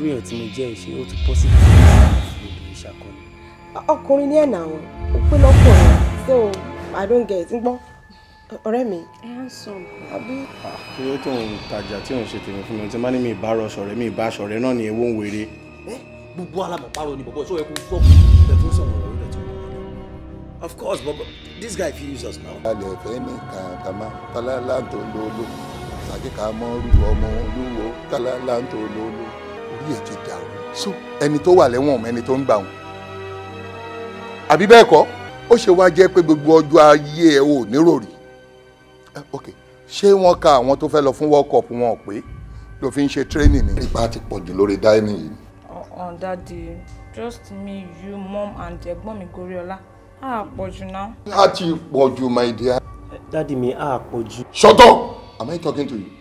irú èèyàn tí mo jẹ́ ìṣe ó tún pọ́sibú obìnrin ṣàkọni. ọkùnrin ní ẹ̀nà àwọn ó pé lọ́kùnrin so i don't get it gbọ́ ọ̀rẹ́ mi. ẹ ń sọ àbí. Ah, kí ló tó ń tajà tí òun ṣe tèmi fún mi tí má mi ìbá rọṣọ rẹ mi ìbá aṣọ rẹ náà ni ewo ń wèrè. gbogbo alamọ̀ paro ni bọ̀bọ̀ ìṣòro ẹ̀kú fọ́ọ̀kù pẹ̀fún sọ̀rọ̀ ọ̀rọ̀ rẹ̀ tó of course but, this guy fit use us now. alẹ́ fẹ́ ní kàǹkàmá kálá láǹtó lólo sàkíkà mọ́rù ọmọ olúwo kálá láǹtó lólo orí ẹ̀ ti dàrú so ẹni tó wà lẹ́wọ̀n ọmọ ẹni tó ń gbà wọn. àbí bẹ́ẹ̀ kọ́ ó ṣe wá jẹ́ pé gbogbo ọjọ́ ayé ẹ ò níròrí ah, ok ṣé wọ́n ka àwọn tó fẹ́ lọ fún world cup wọn pé ló fi ń ṣe training ni. ipa ti pọ̀ jù lórí dáínì yìí. ọ̀hún dáàdi just me you mom and ẹ̀gbọ́n mi goriola a pọ̀ jù náà. a ti pọ̀ jù my dear. dáàdi mi a pọ̀ jù. shut up am I talking to you.